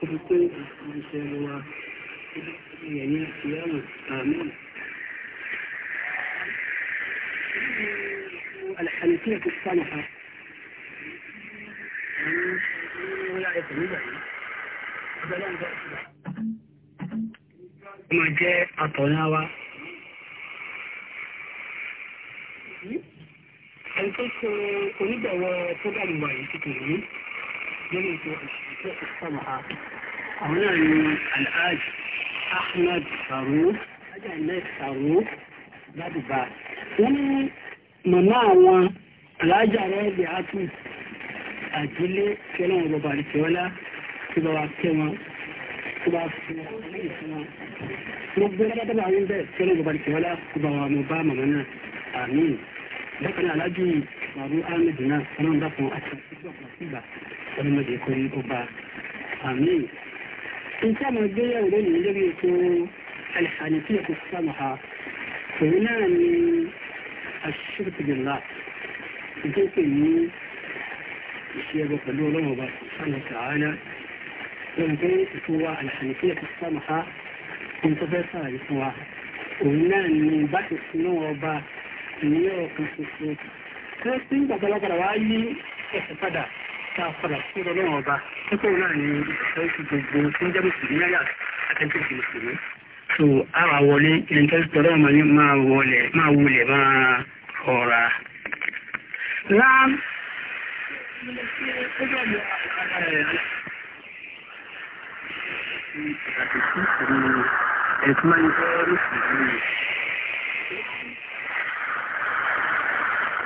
kó fi pé ìṣẹ́ wa ìyẹ̀yìn ìyáwó àmì الحنفية الصالحة ولاية المدعي ما جاء أطناوة أنت كنت أدعوة تدعم بايتك lórí ètò ìṣèjọ ìsọmọha àwọn náà ni alhaj ahmed farouk alhaj ahmed farouk gbàdùbà wọn ní màmá àwọn alhaja rẹẹdì àti àjílé tí Ọlọ́run bọba àdìsẹwọlá tí bá wa kẹ wọn tí bá fi wọn lẹ́yìn fún wọn mo gbé dábàá àwọn bẹ́ẹ̀ tí Ọlọ́run bọba àdìsẹwọlá tí bá wa mo bá màmá náà àmín bákan náà alhaji farouk ahmed náà Ọlọ́run bá fún àti ìgbà kan sígbà ọlọ́mọdé kò ní kó bá àmì nǹkan àmọ́ gbéyàwó lónìí lórí ètò àlìsàní tí èkó sáàmù ha òun náà ni aṣíṣirìkì bìlá nǹkan pè ní ìṣe ẹgbẹ́ pẹ̀lú ọlọ́mọ ọba sàmù sàánà lọ́wọ́ ètò wa àlìsàní tí èkó sáàmù ha tó fẹ́ sàlàyé fún wa òun náà ni bá ti fún ọba ìníyọ̀ kan ṣoṣo tí wọ́n ti ń gbàgbọ́ lọ́gbàdà ẹ̀sẹ̀ padà tá a padà sí ọ̀dọ̀ náà ọba tó kó náà ní ìfẹ́sì gbogbo tó ń jẹ́ mùsùlùmí náírà àtẹ́ntẹ́sì mùsùlùmí. so a wà wọlé ìrìntẹ́sì tọ́lọ́ máa wọlé máa wulẹ̀ máa ọ̀ra. láàm. ẹ̀sùn máa ń jẹ́ mùsùlùmí.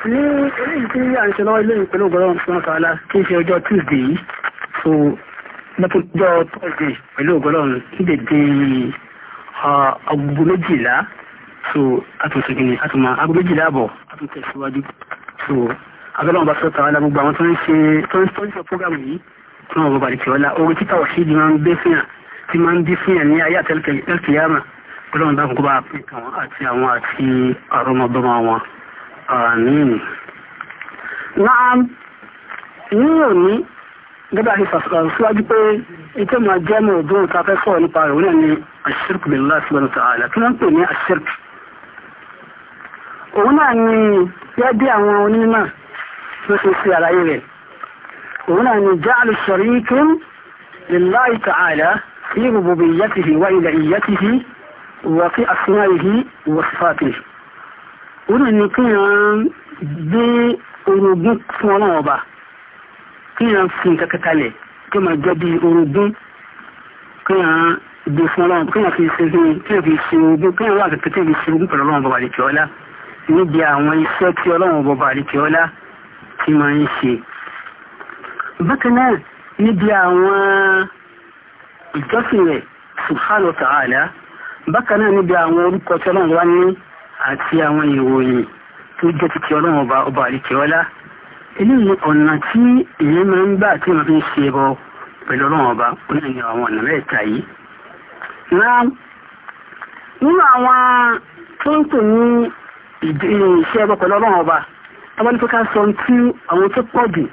ní eléyìí tí à ń ṣe lọ́wọ́ eléyìí pẹ̀lú ògbọ́rọ̀ ṣùgbọ́n kàwálà kí n ṣe ọjọ́ tuesday yìí so lọ́pọ̀jọ́ thursday pẹ̀lú ògbọ́rọ̀ níbi di agogo méjìlá so àtúnṣe kìíní àtúnmọ̀ méjìlá àbọ̀ àtúnṣe so abẹ́lẹ́ bá sọ kàwálà gbogbo àwọn tó ń ṣe tó ń sọ program yìí tí wọn bọ̀ bàdì kìọ́lá orí títà wàṣídìí àmín náà ní òní gẹ́gẹ́ àti sàṣàrò síwájú pé ètò máa jẹ́ mọ̀ ọdún ta fẹ́ sọ̀rọ̀ nípa rẹ̀ wọ́n ní àṣírkù billahi subhanahu wa ta'ala kí wọ́n pè ní àṣírkù òun náà ni yẹ́ àwọn onímọ̀ tó ṣe ṣe àlàyé rẹ̀ òun náà ni ja'lu sharikin lillahi ta'ala òun náà ni kí yàn gbé orogún fún ọlọ́run ọba kí yàn fi nǹkan kẹtàlẹ̀ kí yàn jẹ́ bí orogún kí yàn gbé fún ọlọ́run kí yàn fi ṣe kí yàn fi ṣe orogún kí yàn wà kẹkẹ kí yàn fi ṣe orogún pẹ̀lú ọlọ́run ọba àdìkẹ́ ọlá níbi àwọn iṣẹ́ tí ọlọ́run ọba àdìkẹ́ ọlá ti máa ń ṣe. bákan náà níbi àwọn ìjọsìn rẹ̀ subhanahu wa bákan náà níbi àwọn orúkọ tí ọlọ́run wá ní àti àwọn ìròyìn tó jẹ́ títí ọlọ́run ọba ọba àríkẹ́ọ́lá eléyìí ọ̀nà tí èèyàn máa ń gbà tí wọ́n fi ń ṣe ẹbọ pẹ̀lú ọlọ́run ọba ó lè ní àwọn ọ̀nà mẹ́ta yìí. nínú àwọn tó ń pè ní iṣẹ́ ẹbọ pẹ̀lú ọlọ́run ọba tábàlí pé ká sọ tí àwọn tó pọ̀ jù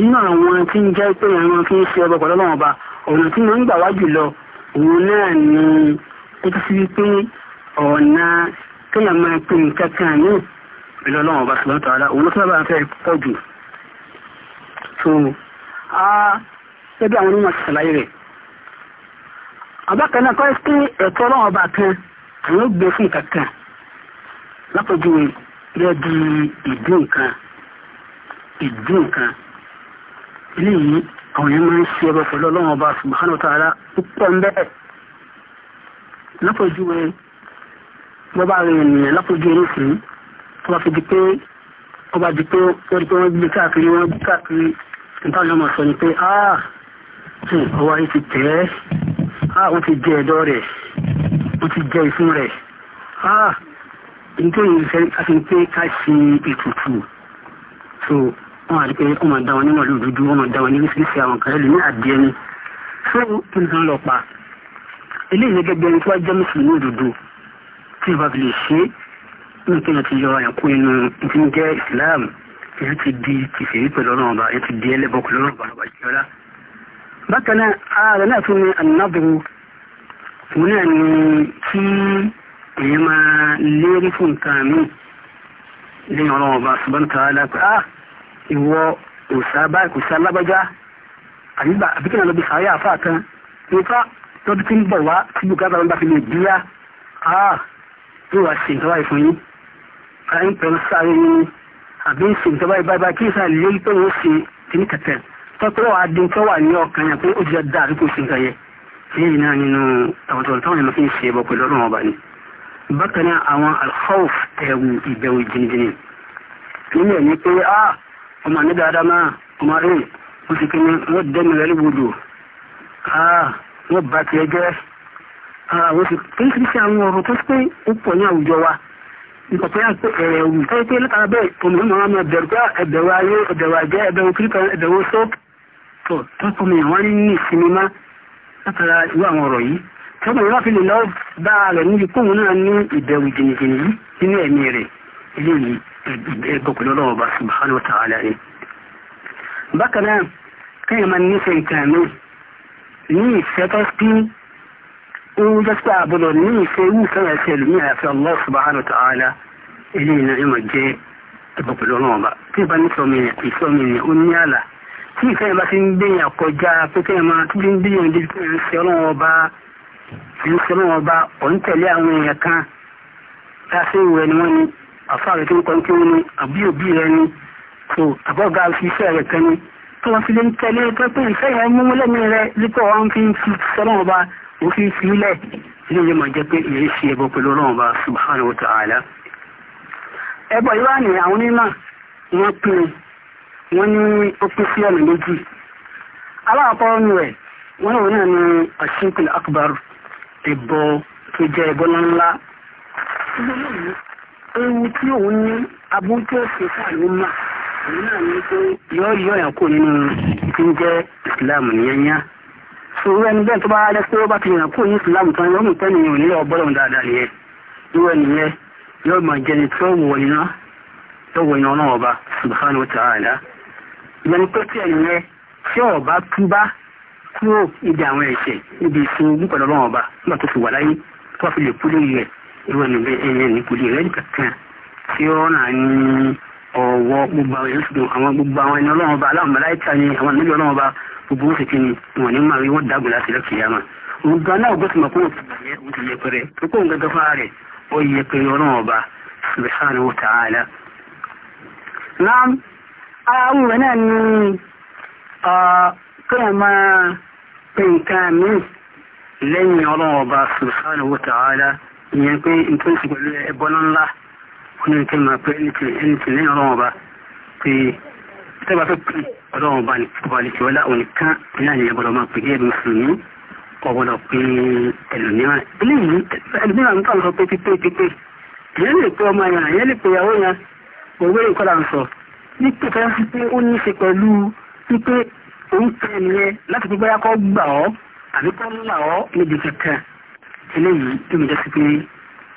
nínú àwọn tí ń jẹ́ pé àwọn fi ń ṣe ẹbọ pẹ̀lú ọlọ́run ọba ọ̀nà tí wọ́n ń gbà wá jù lọ òun náà ni ó ti fi pé ọ̀nà kíyàn máa pè ní kankan ní ilé ọlọ́run ọba ṣùgbọ́n tààlà òun ló sábà fẹ́ pọ̀ jù a ṣẹ́bí àwọn onímọ̀ ṣàlàyé rẹ̀ àbákan náà kọ́ sí ẹ̀tọ́ ọlọ́run ọba kan àwọn fún kankan di ìdí nǹkan ìdí nǹkan eléyìí àwọn èèyàn máa ń ṣe ẹbọ pẹ̀lú ọba ṣùgbọ́n tààlà púpọ̀ ń bẹ́ẹ̀ lápòjúwe bó bá àwọn ènìyàn lápòjú eré sí tó bá fi di pé ó bá di pé ó di pé wọ́n gbé káàkiri wọ́n gbé káàkiri nítorí ọmọ sọ ni pé ah hmm, ọwọ́ yìí ti tẹ̀ ẹ́ ah ó ti jẹ ẹ̀dọ̀ rẹ̀ ó ti jẹ ìfun rẹ̀ ah nítorí ìfẹ́ àti pé ká ṣe ètùtù so wọ́n á di pé wọ́n máa dá wọn nínú ọ̀lú dúdú wọ́n máa dá wọn ní oríṣiríṣi àwọn kan ẹlòmí àdìẹ ni fún nǹkan lọ pa eléyìí gẹ́gẹ́ bí ẹni tó wá jẹ́ mùsùlùmí òdodo tí o bá fi lè ṣe ní kí wọ́n ti yọ ẹ̀kú inú tí ń jẹ́ islam èyí ti di kìfèrí pẹ̀lú ọlọ́run ọba èyí ti di ẹlẹ́bọ pẹ̀lú ọlọ́run ọba ọba ìjọra bákan náà ààrẹ náà tún ní ànábùrú òun náà ni kí èyí máa lérí fún nǹkan mi lẹ́yìn ọlọ́run ṣùgbọ́n nǹkan aláàpẹ́ à ìwọ òòṣà kò sí alágbájá àbígbà àbíkí náà lọ́bi àfáà kan nípa lọ́dún tí ń bọ̀ wá tí bùkátà ló fi lè bíyà yóò wá ṣe ìjọba ìfún yín ara ń pẹ̀lú sáré yín àbí ń ṣe ìjọba ìbáibá kí ìsà lè rí pé wọ́n ṣe kìíní kẹtẹ tọ́pẹ́ wàá dín tó wà ní ọkàn yẹn pé ó ti dá àríkò sí nǹkan yẹn lẹ́yìn náà nínú tàwọn táwọn ẹ̀mọ́ fi ń ṣe ẹbọ pẹ̀lú ọlọ́run ọba ni bákan náà àwọn alkhawf ẹ̀wù ìbẹ̀wò jìnnìjìnnì nínú ẹ̀mí pé a ọmọ ní dáadáa máa ọmọ rẹ̀ wọ́n ti ni wọ́n dẹ́mi rẹ̀ àwọn ti kéékìrísí àwọn ọ̀rọ̀ tó pé ó pọ̀ ní àwùjọ wa nǹkan tó yà pé ẹ̀rẹ̀ òwú tó yẹ pé látara bẹ́ẹ̀ tòun náà máa bẹ̀rù pé ah, ẹ̀bẹ̀rù ayé ẹ̀bẹ̀rù àjẹ́ ẹ̀bẹ̀rù kíríkà ẹ̀bẹ̀rù sóòpù tó tó kọ́ mi wọ́n ní ìsinmi látara irú àwọn ọ̀rọ̀ yìí tí ó bẹ̀rẹ̀ wá fi lè lọ bá rẹ̀ níbi kóun náà ní ìbẹ̀rù jìnnìjìnnì yìí nínú ẹ̀mí rẹ̀ ń jẹ́ pé àbúrò ní ìfẹ́ yìí sọ́rọ̀ ẹ̀sẹ̀ ẹlòmí àyàfi Allah subhanahu wa ta'ala ilé iná ìmọ̀ jẹ́ ẹ̀bọ̀ pẹ̀lú ọ̀rọ̀ ọba tí ìbá ní sọmi ẹ̀ kì í sọmi ẹ̀ ó ní àlà tí ìfẹ́ wọ́n fi lè ń tẹ̀lé pé ìfẹ́ yẹn mú lẹ́mìí rẹ̀ lípò wọn fi ń fi sọ́nà ọba mo fi filẹ̀ ilé yẹn máa jẹ́ pé èyí ṣe ẹbọ pẹ̀lú ọlọ́run subhanahu wa ta'ala ẹbọ yìí wá ní àwọn onímọ̀ wọ́n pín wọ́n ní ó pín sí ọ̀nà méjì aláàpọ̀ ọ̀nù rẹ̀ wọ́n lòun náà ní ashirkul akbar ẹbọ tó jẹ́ ẹbọ ńláńlá ewu tí òun ní abú tí ó ṣe fún àlọ́ mà òun náà ní pé yọ́ọ̀yọ́ ẹ̀kọ́ nínú tí ń jẹ́ yá irú ẹni bẹ́ẹ̀ tó bá rẹ́ pé ó bá ti yàn kúrò ní ìsìlámù tán yóò mú tẹ́lẹ̀ yìí ò ní lọ bọ́lọ̀ dáadáa nìyẹn irú ẹni yẹn yóò máa jẹni tí ó wọ iná tó wọ iná náà ọba subhanahu wa ta'ala ìyẹn pé tí ẹni yẹn tí ọba túbá kúrò lè rẹ̀ nìkan kan tí ó náà ní ọ̀wọ́ gbogbo àwọn èèyàn ṣùgbọ́n àwọn gbogbo àwọn ẹni ọlọ́run ọba aláwọ̀ mẹ́láìka ni àwọn ẹni ọlọ́run ọba gbogbo wọn sì ti ni wọn ní màá rí wọn dàgbò láti lọ́kì yá mà òun gan náà gbọ́sọ̀ mọ̀ kó ti yẹ tó kó nǹkan gafá rẹ̀ ó yẹ ọlọ́run ọba subhanahu wa ta'ala. naam àwọn ìwé náà ni kéèyàn máa pe nǹkan míì lẹ́yìn ọlọ́run ọba subhanahu wa ta'ala ìyẹn pé nǹkan ìsìnkú ẹ̀bọ́n ńlá ní kí n máa pé ní kí n kì ní ọlọ́run ọba pé tẹ́ bá fẹ́ pè ọlọ́run ọba ní ọba ní kí ọlá òní kan ní àyè ẹgbọ́dọ̀ máa pè díẹ̀ bí mùsùlùmí ọgbọ́dọ̀ pé ẹlòmíràn eléyìí ẹlòmíràn ń kà ń sọ pé pípé pípé ìyẹn lè pé ọmọ yẹn ìyẹn lè pé ìyàwó yẹn òwe nǹkan là ń sọ ní pípé sí pé ó ní í ṣe pẹ̀lú pípé òun pè nìyẹn láti pípé yá kọ́ gbà ọ́ àbí kọ́ ń là ọ́ níbi kẹ̀kẹ́ eléyìí tó mi jẹ́ sí pé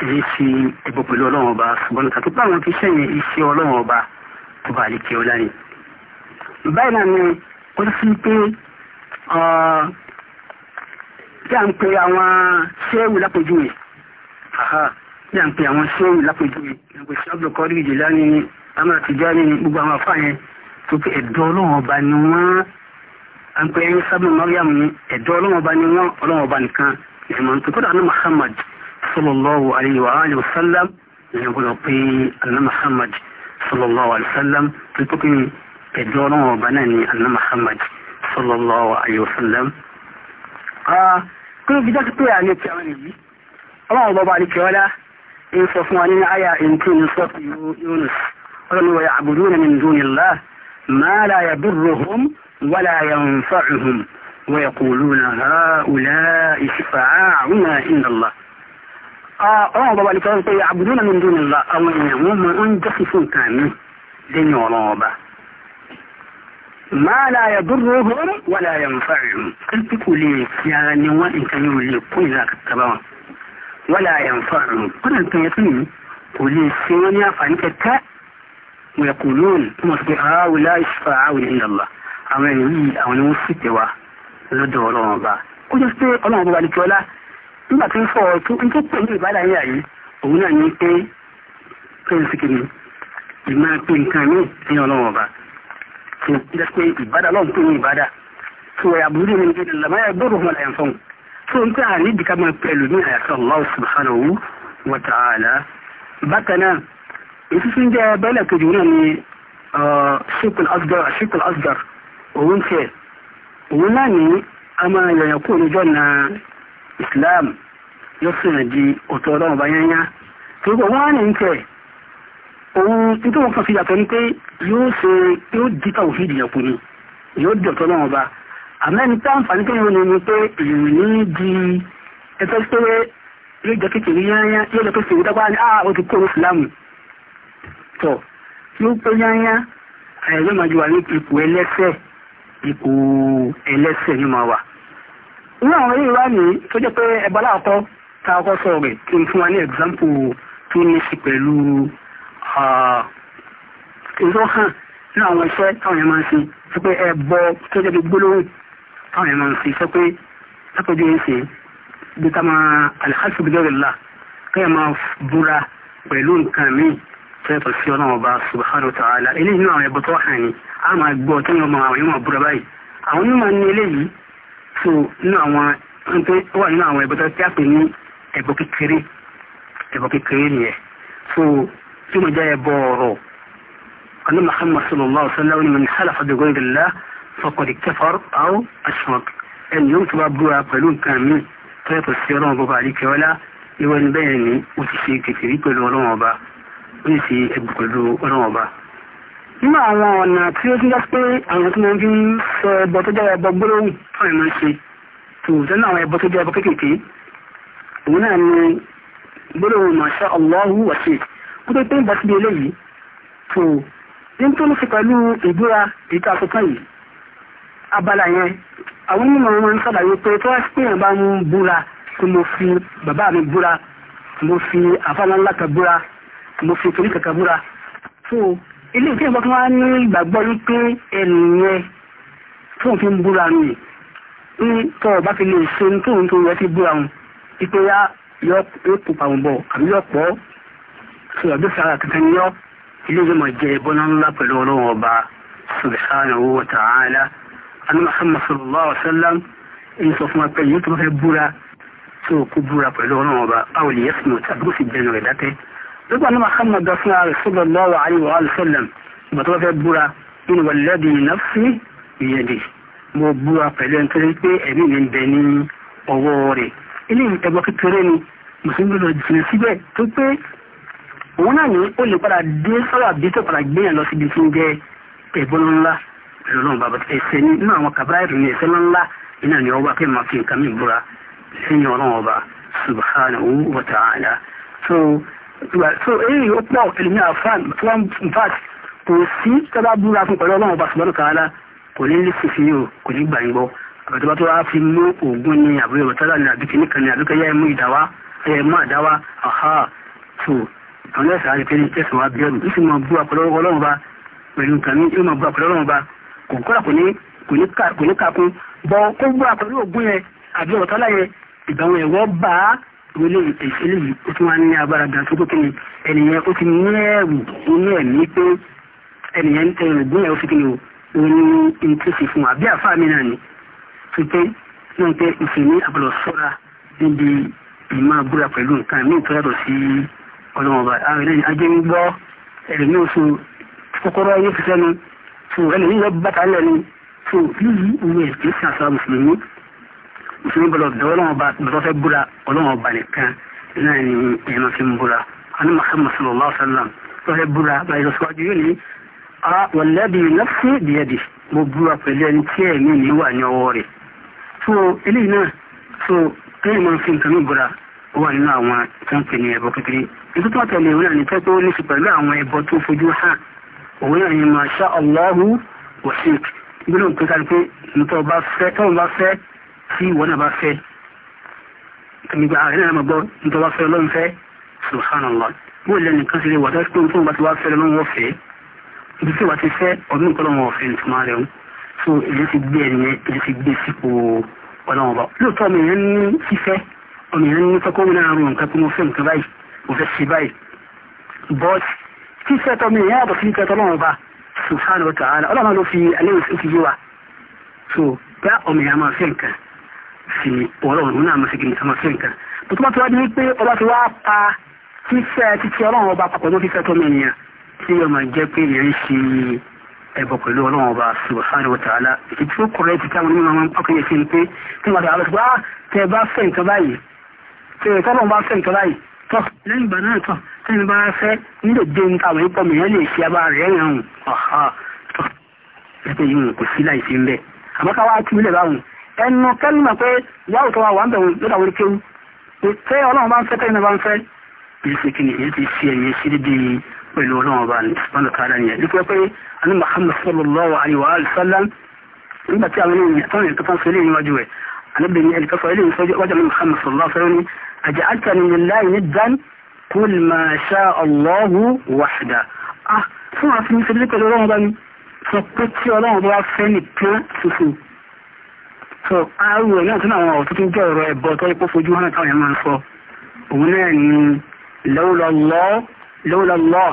èyí ti ẹbọ pẹ̀lú ọlọ́run ọba ṣùgbọ́n nǹkan tó bá àwọn fiṣẹ́ yẹn iṣẹ́ ọlọ́run ọba tó bá lè kí ọ lánìí. báyìí náà ni ó sì pé bí à ń pe àwọn ṣéwù lápèjúwe bí à ń pe àwọn ṣéwù lápèjúwe ìgbè sí Abdul Qadir Jilani amara Tijani gbogbo àwọn afá yẹn tó pé ẹ̀dọ́ ọlọ́run ọba ni wọ́n à ń pe ẹni sábà Mariam ni ẹ̀dọ́ ọlọ́run ọba ni wọ́n ọlọ́run ọba nìkan ìmọ̀ nítorí kódà Muhammad صلى الله عليه وآله وسلم يقول يغلطي أن محمد صلى الله عليه وسلم تتكني كدورو وبناني أن محمد صلى الله عليه وسلم آه كل بدك تو يعني تعمل الله الله بعلك ولا إن صفواني نعيا إن كن صف يونس ولو يعبدون من دون الله ما لا يضرهم ولا ينفعهم ويقولون هؤلاء شفعاؤنا إن الله Ah, ọlọ́run bọ́ba nìkan pé àbùdúnà mi dùn nílá àwọn èèyàn wọ́n mọ ń jẹ́ fífún nǹkan mi lẹ́yìn ọlọ́run ọba máa láyà dúró hóm wà láyà ń fa ìrùn kí kò lè fi ara ní wọn nǹkan yóò lè kó ìlà kàkàbà wọn wà láyà ń fa ìrùn kọ́nà nǹkan yẹn tún yìí kò lè ṣe wọn ní àǹfààní kẹkẹ́ wọ́n kò lóòrùn tí wọ́n ti pé àáwò láì ṣùfà ní ìlàlá nígbà tí ń fọ ọtún tó pè ní ìbádà yíyà yìí òun náà ní pé pé ń sikiri ìmọ̀ pé nǹkan ní ìpín ọlọ́wọ̀n ọba tó jẹ́ pé ìbádà lọ́n pè ní ìbádà tó ẹ̀yà burú ní ìgbé lọ́mọ ẹ̀ gbọ́dọ̀ fún ẹ̀yàn fún tó ń pẹ́ àní ìdíkà máa pẹ̀lú ní àyàtọ̀ Allah subhanahu wa ta'ala bákan náà èyí tún jẹ́ bẹ́lẹ̀ kejì náà ni ṣíkùl asgar òun tẹ̀ òun náà ní a máa yọ̀yàn kúrò níjọ́ náà islam yóò sì rìn di òtò ọlọ́run bá yányá torí pé wọ́n á ní ń tẹ̀ òun títí wọn kan fi yàtọ̀ ni pé yóò ṣe yóò di tàwùfíìdì yàn kù ni yóò di òtò ọlọ́run bá àmọ́ ẹni tí àǹfààní tó yóò ní pé èèyàn ní di ẹtọ́ pé yóò jẹ́ kékeré yányá yóò jẹ́ kékeré dápá ní àà ó ti kó ní islam tọ̀ yóò pé yányá àyẹ̀wò máa ju wà ní ipò ẹlẹ́sẹ̀ ipò ẹlẹ́sẹ̀ ni máa wà irú àwọn yìí wá ní tó jẹ́ pé ẹbọ láàkọ́ ta ọkọ́ sọ̀rọ̀ rẹ̀ kí n fún wa ní ẹ̀gbáǹpù tó ní sí pẹ̀lú ìró hàn ní àwọn iṣẹ́ táwọn yẹn máa ń ṣe sọ pé ẹbọ tó jẹ́ bí gbólóhùn táwọn yẹn máa ń ṣe sọ pé lápẹjọ yẹn ṣe bí ká máa alhassu bí lórí la kẹ́yà máa búra pẹ̀lú nǹkan míì tẹ́tọ̀ sí ọlọ́run ọba subhanahu ta'ala eléyìí nínú àwọn ẹbọ tó hàn ní a máa gbọ́ tó yẹn máa àwọn máa búra báyìí àwọn onímọ̀ ní eléyìí so nínú àwọn tó wà nínú àwọn ẹ̀bọ tó tí a pè ní ẹ̀bọ kékeré ẹ̀bọ kékeré nìyẹn so tí mo jẹ́ ẹ̀bọ ọ̀rọ̀ أن محمد صلى الله عليه وسلم من حلف بغير الله فقد كفر أو أشرك أن ينكب أبوها قلون كامل طيب السيران بابا عليك ولا يوان بيني وتشيك في ريك الولوبة ويسي أبو كله ولوبة nínú àwọn ọ̀nà tí ó tún jẹ́ pé àwọn tí wọ́n fi ń sọ ẹbọ tó jẹ́ ẹbọ gbólóhùn fún ìmọ̀ ṣe tó jẹ́ àwọn ẹbọ tó jẹ́ ẹbọ kéékèèké òun náà ni gbólóhùn masha Allahu wa ṣe kó tó pé ń bọ́ síbi eléyìí tó ní tó ń fi pẹ̀lú ìbúra ìta àsopọ̀ yìí abala yẹn àwọn onímọ̀ wọn ń sọ̀dà wípé tó wá sí pé èèyàn bá ń búra tí mo fi bàbá mi búra mo fi àfáàlá ńlá kan búra mo fi torí kankan búra tó ilé ìfẹ́ ìbọn kí wọ́n ní ìgbàgbọ́ yí pé ẹnìyẹn tóun fi ń búra nù ní tọ́ ọ̀bá fi lè ṣe ní tóun tó yẹ fi búra nù ipé yá yọ èpò pàwọn bọ̀ àbí yọ pọ̀ ṣe ọ̀dọ́ sára kankan ní yọ ilé ìfẹ́ mọ̀ jẹ ìbọn ńlá pẹ̀lú ọlọ́run ọba subhanahu wa ta'ala anu muhammad sallallahu alaihi wa sallam ń sọ fún wa pé yìí tó fẹ́ búra tó kú búra pẹ̀lú ọlọ́run ọba báwo lè yẹ fún nígbà náà Muhammad dafin sallallahu alaihi wa sallam ìgbà tó fẹ́ búra nínú walladhi nafsi biyadi mo búra pẹ̀lú ẹni tó rí pé ẹ̀mí mi ń bẹ ní ọwọ́ rẹ̀ ilé ẹgbọ́ kékeré ni mùsùlùmí lọ jìnnà síbẹ̀ tó pé òun náà ní ó lè padà dé sọ́wọ́ àbí tó padà gbéyàn lọ síbi tí ń jẹ́ ẹ̀bọ́n ńlá pẹ̀lú bàbá ẹ̀sẹ̀ so èyí ó pọ̀ ẹ̀lẹ́mí àfáàn tí wọ́n in fact kò sí tọ́lá búra fún pẹ̀lú ọlọ́run ọba ṣùgbọ́n kàálà kò ní lè fi fi o kò ní gbà ń gbọ́ àbẹ̀tọ́ba tó wá fi mú òògùn ni àbúrò ìwọ̀tálà ni àbíkẹ́ nìkan ni àbíkẹ́ yá ẹmú ìdáwá ẹmú àdáwá àhá so àwọn ẹ̀sà àríkẹ́ ní tẹ̀sán wa bẹ́ẹ̀rù ó sì mọ búra pẹ̀lú ọlọ́run ọba pẹ̀lú nǹkan ní ìmọ̀ búra pẹ̀lú ọlọ́run ọba kò kọ́ra kò ní kàkún bọ́ kó búra eléyìí eléyìí ó tún wá ní agbára ga tó kókè ni ẹnìyẹn ó ti ní ẹ̀rù nínú ẹ̀mí pé ẹnìyẹn ẹ̀rù gbóyà ó fi kí o ní ní fún wa bí àfa mi náà ni tó pé náà pé ìṣèlú àbọ̀lọ̀ sọ́ra níbi ìmọ̀ búra pẹ̀lú nǹkan mí tó yàtọ̀ sí ọlọ́mọba àwọn ẹlẹ́ni ajé ń gbọ́ ẹ̀rù ní oṣù kókóró ayé fi sẹ́nu tó ẹlẹ́ni yọ bàtà lẹ́nu tó yíyí ìwé ẹ̀sìn àṣà mùsùlùmí fún bọlọ bẹ ọlọ́run ọba bẹbọ fẹ búra ọlọ́run ọba nìkan náà ni ẹnu fi ń búra àní Muhammad sallallahu alaihi wa sallam tó fẹ búra báyìí lọ síwájú yìí ni a wallabi nafsi biyadi mo búra pẹ̀lú ẹni tí ẹ̀mí mi wà ní ọwọ́ rẹ̀ so eléyìí náà so kéèyàn máa fi nǹkan mi búra ó wà nínú àwọn tó ń pè ní ẹbọ kékeré ètò tó tẹ̀lé òun náà ní pẹ́ tó ní sí pẹ̀lú àwọn ẹbọ tó fojú hàn òun náà ni masha Allahu wa sik gbọ́dọ̀ pé kálí pé nítorí bá fẹ́ tí ìwọ náà bá fẹ́ ìgbà ààrẹ náà mọ̀ gbọ́ nítorí wá fẹ́ ọlọ́run fẹ́ subhanallah bó lẹ́nu kan sí lè wà dájú pé ohun tó ń bá ti wá fẹ́ lọ́wọ́ fẹ́ ibi tí wà ti fẹ́ ọdún nǹkan lọ́wọ́ fẹ́ ní tùmọ̀ rẹ̀ so èyí ti gbé ẹ̀yẹ èyí ti gbé sípò ọlọ́run ọba lóòótọ́ ọmọ èèyàn ní fífẹ́ ọmọ èèyàn ní kọ́kọ́ wọn náà rún nǹkan pé mo fẹ́ nǹkan báyìí mo fẹ́ ṣe báyìí but fífẹ́ tọmọ èèyàn yàtọ̀ sí fífẹ́ tọlọ́run ọba subhanahu wa ta'ala ọlọ́run ló fi alẹ́ òfin yé wa so bá ọmọ èèyàn máa fẹ́ nǹkan fi ọlọ́run náà mọ̀ sí kí n sọmọ sí nǹkan tó tó bá ti wá di wípé ọba ti wá pa fífẹ́ títí ọlọ́run ọba papọ̀ mọ́ fífẹ́ tó mẹ́niyàn tí yóò máa jẹ́ pé èèyàn ń ṣe ẹ̀bọ̀ pẹ̀lú ọlọ́run ọba subhanahu wa ta'ala èyí tí ó kọ̀rọ̀ ti táwọn onímọ̀ máa ń pàkóyè sí ni pé tí wọ́n ti wá ah, tẹ bá fẹ́ nǹkan báyìí tẹ tọ́lọ́run bá fẹ́ nǹkan báyìí tọ́ lẹ́yìn ìgbà náà tọ́ tẹ́yìn bá fẹ́ nílò dé ní àwọn ipò mìíràn lè ṣe ẹnu kẹ́lìmọ̀ pé yáò tó wà wà ń bẹ̀wò lọ́dà orí kéwú pé ọlọ́run bá ń fẹ́ tẹ́yìn bá ń fẹ́ yìí ṣe kìnnì yìí ti ṣe ẹ̀yìn sí dídí pẹ̀lú ọlọ́run bá ní ah, fún àfihàn ìṣẹ́lẹ̀ ọlọ́run bá ní sọ pé tí ọlọ́run bá fẹ́ nìkan ṣoṣo so àárò náà tún àwọn ọ̀tún tó jẹ́ ọ̀rọ̀ ẹ̀bọ tó yẹ kó fojú hàn táwọn yẹn máa ń sọ òun náà ni lọ́wọ́lọ́lọ́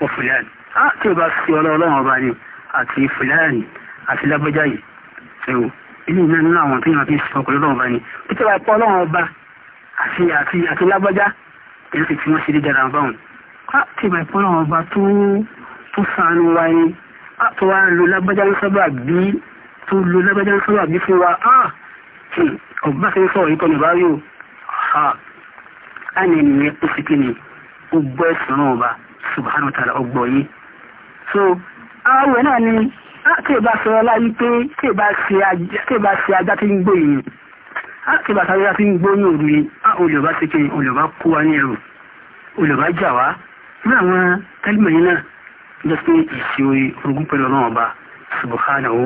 wọ fúlẹ́ẹ̀n á tí o bá sí ọlọ́ọ̀lọ́wọ́n ọba ni àti fúlẹ́ẹ̀n àti lágbẹ́já yìí ṣẹ̀wò ilé iná nínú àwọn tíyàn fi sọ pẹ̀lú ọlọ́wọ́n ọba ni ó tẹ́wà pọ́ ọlọ́wọ́n ọba àti àti àti lágbẹ́já èyí sì tí wọ́n ṣe dídára báwọn á tí o bá pọ́ ọlọ́wọ́n ọba tó sànù wáyé á tó wá lo lágbẹ́já ló sábà bí tó lo lágbájá ń sábà bí fún wa ah! ọ̀gbá ṣe ń sọ̀rọ̀ ìtọ́nù bá rí o a ní ènìyàn tó fi kíni ó gbọ́ ẹ̀sùn ọba subhanahu wa yìí so ààwẹ̀ náà ni tí ìbá sọ ọlá yìí pé tí ìbá ṣe ajá tí ń gbó yìí tí ìbá sáré tí ń gbó yìí òní olùbá ṣe kíni olùbá kó wa ní ẹrù olùbá jà wá ní àwọn tẹ́lẹ̀mẹ̀yìn náà jẹ́ pé ìṣe orogún pẹ̀lú ọlọ́run ọba subhanahu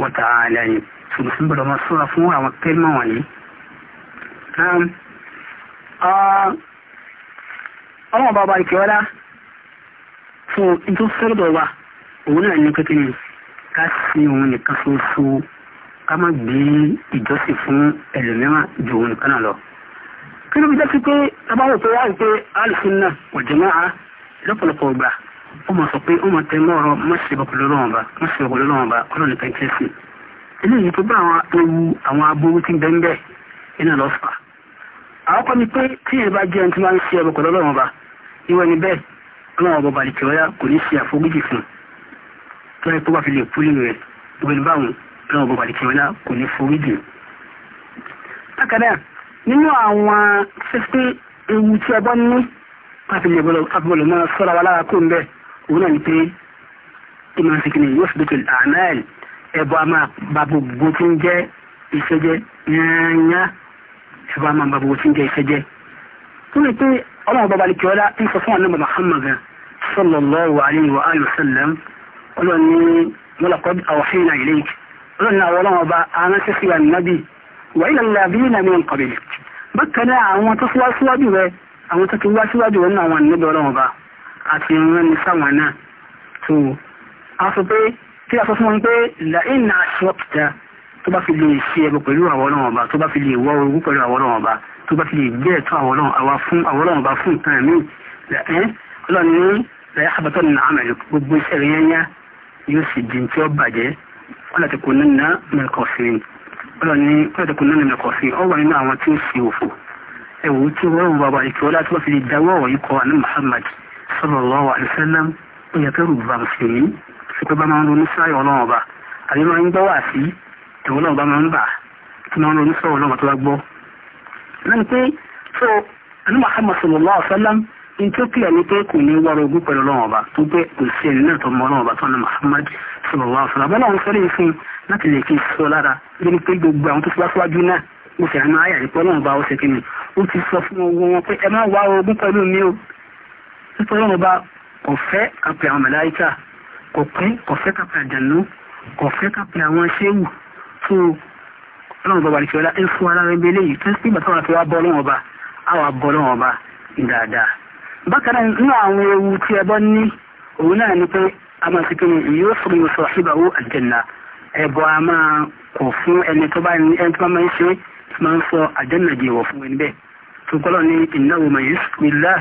wa ta'ala ni ṣùgbọ́n fún bọ̀dọ̀ máa sọ́ra fún àwọn kẹ́lmọ̀ wọ̀nyí ọmọ bàbá ìkẹwàlá fún ìtò fẹ́rẹ̀dọ̀ wa òun náà ní kékeré ni ká sí òun nìkan ṣoṣo ká má gbé ìjọsìn fún ẹlòmíràn ju òun nìkan náà lọ kí ló fi jẹ́ sí pé abáwọ̀ pé wá ń pé alùsùn náà wal jama'a lọ́pọ̀lọpọ̀ ìgbà ó mọ̀ sọ pé ó mọ̀ tẹ́ mọ́rọ̀ mọ́sibọ̀ pẹ̀lú ọlọ́wọ́n ba mọ́sibọ̀ pẹ̀lú ọlọ́wọ́n ba ọlọ́run nìkan tẹ́ sí eléyìí tó bá àwọn ewu àwọn aburú tí ń bẹ́ iná lọ fà àwọn kan ní pé tí ìyẹn bá jẹ́ ẹni tí wọ́n ń ṣe ẹbọ pẹ̀lú ọlọ́wọ́n ba ìwọ ni bẹ́ẹ̀ ọlọ́wọ́n ọba balìkẹ́ ọ̀yá kò ní ṣe àforíjì fún tó yẹ kó bá fi lè kú nínú rẹ̀ ìwé báwọn ọlọ́wọ́n ọba balìkẹ́ ọ̀yá kò ní foríjì. bákanáà nínú àwọn fífi ewu tí ẹbọ ní òun náà ni pé kí máa fi kìnnìyàn yóò fi dókè àmẹ́ẹ̀lì ẹ̀bọ a máa ba gbogbo tí ń jẹ́ iṣẹ́ jẹ́ yányá ẹ̀bọ a máa ba gbogbo tí ń jẹ́ iṣẹ́ jẹ́ tó ní pé ọlọ́run bàbá ní kíọ́lá ń sọ fún ànábà Muhammad sallallahu alayhi wa alihi wa sallam ọlọ́run ní mọ́làkọ́bí àwọ̀hìn náà ilé ọlọ́run náà ọlọ́run ọba aránṣẹ́ sí wa nábì wà ilẹ̀ làbí náà mi ń bákan náà àwọn tó síwájú rẹ àwọn tó ti wá síwájú rẹ nínú àwọn àníbẹ̀ ọlọ́run ọba àti ìran ní sáwọn náà so a sọ pé tí a sọ fún wọn pé lẹ́yìn náà ṣọ́pìtà tó bá fi lè ṣe ẹbọ pẹ̀lú àwọn ọlọ́run ọba tó bá fi lè wọ orogún pẹ̀lú àwọn ọlọ́run ọba tó bá fi lè jẹ́ ẹ̀tọ́ àwọn ọlọ́run ọba fún nǹkan mi ọlọ́run ní lẹ́yìn àbátọ́ nínú àmàlẹ́ gbogbo iṣẹ́ rẹ̀ yẹn yá yóò sì di tí ó bàjẹ́ wọ́n ti kún nínú mẹ́kọ̀ọ́sìn ọlọ́run ní wọ́n ti kún nínú mẹ́kọ̀ọ́sìn ọ wà nínú àwọn tí ó ṣe òfò ẹ̀wù tí wọ́n wù bàbá ìkẹ́wọ́lá tó bá fi lè dáwọ́ ọ̀rọ̀ yìí kọ́ àná Muhammad sallallahu alaihi wasallam ó yẹ kẹ́rù bá mùsùlùmí sí pé bá máa ń ronú sáyọ̀ ọlọ́run ọba àbí máa ń gbọ́ wà sí ìwọ náà bá máa ń bà tí máa ń ronú sọ̀rọ̀ ọlọ́run tó bá gbọ́. lẹ́nu pé tó ẹni Muhammad sallallahu alaihi wasallam ní tó kílẹ̀ ní pé kò ní wọ́rọ̀ ogún pẹ̀lú ọlọ́run ọba tó pé kò sí ẹni náà tó mọ ọlọ́run ọba tó ní Muhammad sallallahu alaihi wasallam ọlọ́run sọ́lẹ̀ fún láti lè fi sọ lára lórí pé gbogbo àwọn tó ti wá mo sì ayà ìpọ́nà ọba ó ṣe ó ti sọ fún owó wọn pé ẹ má wá ogún pẹ̀lú mi o nítorí wọn bá kò fẹ́ kàpẹ́ àwọn mẹ̀láìkà kò pín kò fẹ́ kàpẹ́ àjànú kò fẹ́ kàpẹ́ àwọn ṣéwù tó ọlọ́run bá wàlìkẹ́ ọlá ń fún ara rẹ̀ bẹ́lẹ̀ yìí tó ń sígbà táwọn àfihàn bọ́ ọlọ́run ọba àwọn abọ́ ọlọ́run ọba dáadáa bákan náà nínú àwọn ewu tí ẹ bọ́ ní òun náà ni pé a máa fi kíni yóò fún mi sọ síbàwó àjẹnà ẹbọ a máa kọ̀ fún ẹni tó bá ní ẹni tó bá máa ń ṣe máa ń sọ àjẹnà jẹ́wọ̀ fún ẹni bẹ́ẹ̀ tó gbọ́dọ̀ ní ìnáwó mayus nílá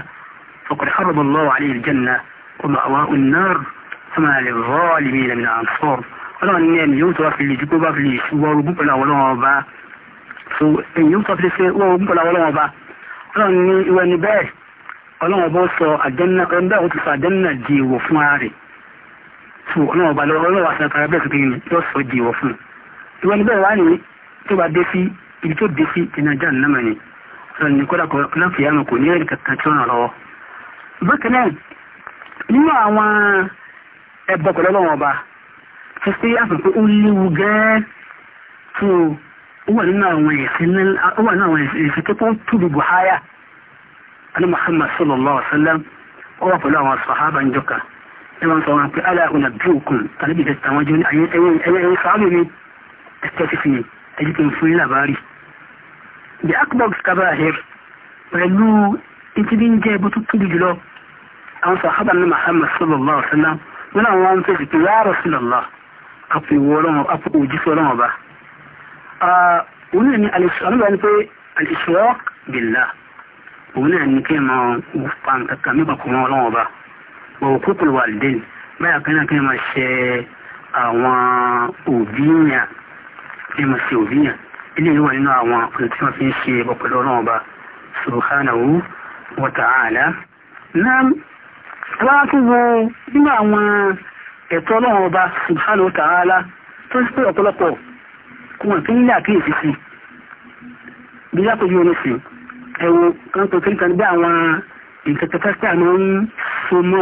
فقد حرم الله عليه الجنة ومأواء النار فما للظالمين من أنصار ọlọ́run ní ẹni yóò tó wá fi lè dúpọ́ bá fi lè wọ ogún pẹ̀lú àwọn ọlọ́run ọba so èyí yóò tó fi ṣe wọ ogún pẹ̀lú àwọn ọlọ́run ọba ọlọ́run ní irú ẹni bẹ́ẹ̀ ọlọ́run ọba sọ àjẹ́nà ẹni bẹ́ẹ̀ ó ti sọ àjẹ́nà di èèwọ̀ fún ara rẹ̀ so ọlọ́run ọba lọ́wọ́ àṣà tara bẹ́ẹ̀ tuntun yìí yóò sọ di èèwọ̀ fún irú ẹni bẹ́ẹ̀ wá ní tó bá dé sí ibi tó dé sí ìnájà nàmẹ́ni ọlọ́run ní kọ́lá kọ́lá fìyàmù kò ní ẹ̀rí kankan tí ó ràn bákan náà nínú àwọn ẹbọ pẹ̀lú ọlọ́wọ́n ọba ti ṣe àpò pé ó léwu gẹ́ẹ́ tó ó wà nínú àwọn ẹ̀sìn tó tó ń túbi buhaya ani muhammad sallallahu alaihi wa sallam ó wà pẹ̀lú àwọn sàhábà ń jọka ẹ máa ń sọ wọn pé aláhùn àbíòkun tàbí ìdẹ tàwọn jọ ní ẹyẹ sáàlù ní ẹtẹ́tìfì ẹjíkẹ́ fún ní làbárì the akbox kabahir pẹ̀lú ìtì bí ń jẹ́ ẹbú tó tóbi jùlọ àwọn sàhábà ní Muhammad sallallahu alaihi wasallam nínú àwọn wọn fèsì pé ya Rasulullah àpò ìwọ ọlọ́run àpò òjíṣẹ́ ọlọ́run ọba òun náà ni alìsọ́nà ni pé alìsọ́ọ́k billah òun náà ni kí n máa fa nǹkan kan nípa kò wọn ọlọ́run ọba òkúkú wàlídẹ́ni báyà kan náà kí n máa ṣe àwọn òbíyàn kí n ṣe òbíyàn ilé ìwà nínú àwọn ọ̀nà tí wọ́n fi ń ṣe ọ̀pọ̀lọ́ ọlọ́run ọba subhanahu wa ta'ala náà wá tún wo nínú àwọn ẹ̀tọ́ ọlọ́run ọba subhanahu wa ta'ala tó ń pè ọ̀pọ̀lọpọ̀ kí wọ́n tún nílẹ̀ àkíyèsí sí bí lápòjú omi sí ẹ̀wò kan tó kéńkà bí àwọn nǹkan tó fẹ́ àmọ́ ń so mọ́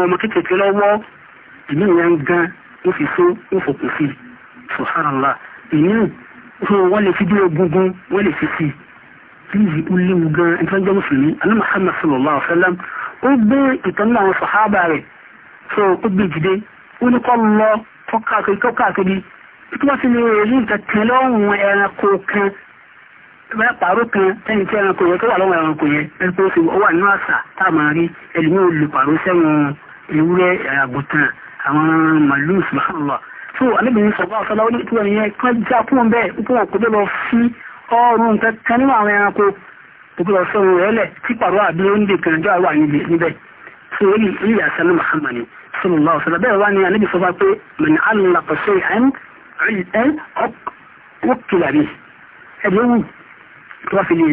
yìí ó léwu gan ìfẹ́jọ́ mùsùlùmí àní Muhammad sallallahu alaihi wasallam ó gbé ìtàn náà àwọn sàhábà rẹ̀ tó ó gbé jìde ó ní kọ́ lọ tọ́kàkiri tọ́kàkiri tí wọ́n ti lè rí nǹkan kan ẹranko kan bẹ́ẹ̀ pàrọ̀ kan ẹni tí ẹranko yẹn tó wà lọ́wọ́ ẹranko yẹn ẹni tó fi wà nínú àṣà tá a máa rí ẹlòmí ò pàrọ̀ sẹ́wọ̀n ewúrẹ́ àgùntàn àwọn màlúù subhanallah tó alẹ́bìnrin sọ̀rọ̀ ọrù nǹkan kan nínú àwọn ẹranko tó bí ọ̀sán òun rẹ̀lẹ̀ tí pàrọ̀ àbí oúnjẹ kan jọ àwọn àyè níbẹ̀ tí ó yìí ilé àṣà ní Muhammad sallallahu alaihi wasallam bẹ́ẹ̀ wá ní anábì sọ pé mẹ̀ni alàpàṣẹ ẹ̀m ẹ̀m ọkìlà mi ẹ̀dẹ̀ wù tó bá fi lè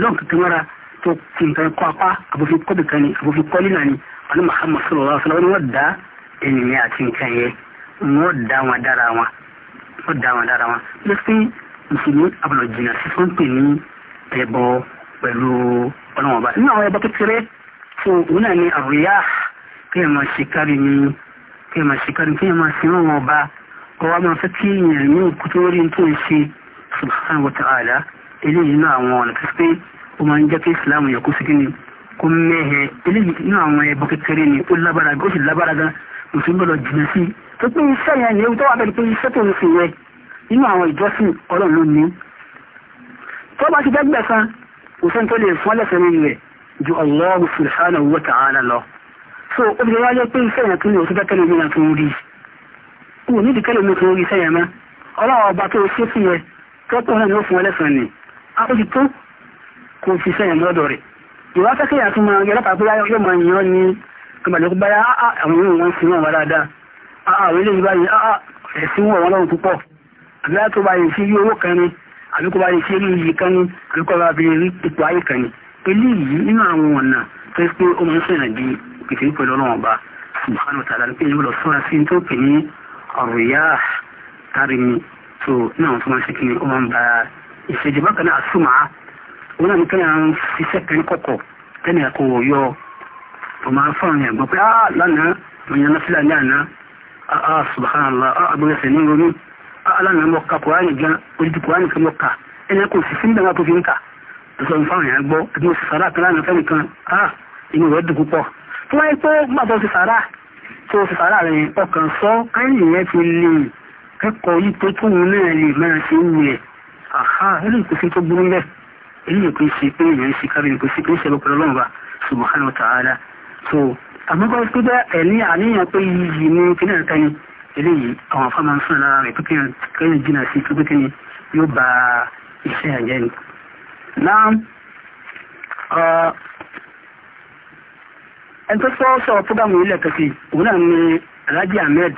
lọ́n kankan mọ́ra tó kì nǹkan kọ́ apá àbòfin kọ́bì kan ni àbòfin kọ́lí náà ni wọ́n dá wọn dára wọn mùsùlùmí àbúrò jìnnà sí fún pè ní ẹbọ pẹ̀lú ọlọ́wọ́n ọba nínú àwọn ẹbọ kékeré tó òun náà ní àrùyá kí ẹ máa ṣe kárí ni kí ẹ máa ṣe kárí kí ẹ máa sin ọlọ́wọ́n ọba ọwọ́ máa fẹ́ kí èèyàn ní òkú tó tó ń ṣe subhanahu wa ta'ala eléyìí náà àwọn ọ̀nà tó ó máa ń jẹ́ kí islam yẹ kó sígi ni kó mẹ́hẹ eléyìí náà àwọn ẹbọ kékeré ni ó lábára ó sì lábára gan mùsùlùmí lọ jìnnà sí tó pé iṣẹ́ yẹn ni ewu tó wà bẹ́ẹ̀ pé iṣẹ́ tó ń sìn yẹn nínú àwọn ìjọsìn ọlọ́run ló ní tó bá ti dẹ́gbẹ̀sán kò sẹ́ni tó lè fún lẹ́sẹ̀ lórí rẹ̀ ju Allahu subhanahu wa ta'ala lọ so ó fi wáyé pé iṣẹ́ yẹn tún ní òṣìṣẹ́ tẹ́lẹ̀ mi náà tún rí kò ní ìdí tẹ́lẹ̀ mi tún rí iṣẹ́ yẹn mọ́ ọlọ́run ọba tó ṣe sí yẹ tọ́pọ̀ náà ni ó fún ẹlẹ́sàn ni a ó ti tó kò fi iṣẹ́ yẹn lọ́dọ̀ rẹ̀ ìwà fẹ́ kéèyàn tún máa yọlọ́pàá pé yóò máa yàn ní ìgbàlẹ̀ àbí láti bá yìí sí rí owó kan ni àbí kó bá yìí sí rí iyì kan ni àbí kó bá nínú àwọn ọ̀nà tó ṣe pé ó máa ń sèyàn di pèsè pẹ̀lú ọlọ́run ọba subhanahu wa ta'ala ní pé èyí gbọ́dọ̀ sọ́ra sí tó pè ní ọ̀rọ̀ ìyá tari ni tó náà tó máa ń ṣe kí ni ó máa ń ba ìṣèjì bákan náà àsùnmà òun náà ní kẹ́yà ń ṣiṣẹ́ kan kọ̀kọ̀ tẹ́nìyà kò yọ ọ máa ń pé á lánàá mo aláwọn ẹmọ ka kùránì gan ojú kùránì kan mọ ka ẹni kò sì fún ìdàgbà tó fi ń kà lọsọ ń fáwọn èèyàn gbọ́ ẹni oṣù sàrà àtàlà àná fẹ́mi kan ah inú rẹ̀ dùn púpọ̀ tó wáyé pé má bọ́ sí sàrà tó sí sàrà rẹ̀ ọkàn sọ káyìn yẹn fi lè kẹ́kọ̀ọ́ yìí pé tóun ta'ala so àmọ́gbọ́n pé bẹ́ẹ̀ ẹ̀ ní àníyàn pé eléyìí àwọn afá máa ń fún lára rẹ̀ pípẹ́ kẹ́yìn jìnnà sí pípẹ́ kí yóò ba iṣẹ́ ẹ̀jẹ̀ ni. náà ẹni tó sọ sọ̀rọ̀ púpàmù ilẹ̀ kẹfì òun náà ni alhaji ahmed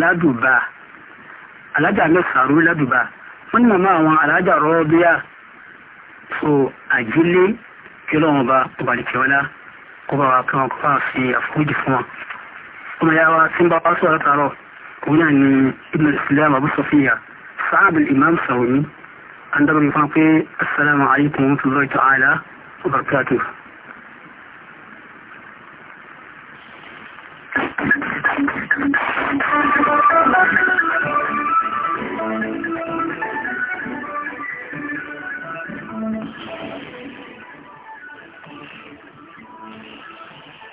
ládùbà alhaji ahmed sàrú ládùbà wọ́n ní màmá àwọn alhaji rọ́bíà so àjílé kí lọ́wọ́n bá ọbàlìkẹ́wọ́lá kó bá wa kí wọn kó bá fi àforíjì fún wọn. وما يعوى سنبا قاسوا أتعرف هنا أن ابن الإسلام أبو صفية صعب الإمام سوني عندما يفعل السلام عليكم ورحمة الله تعالى وبركاته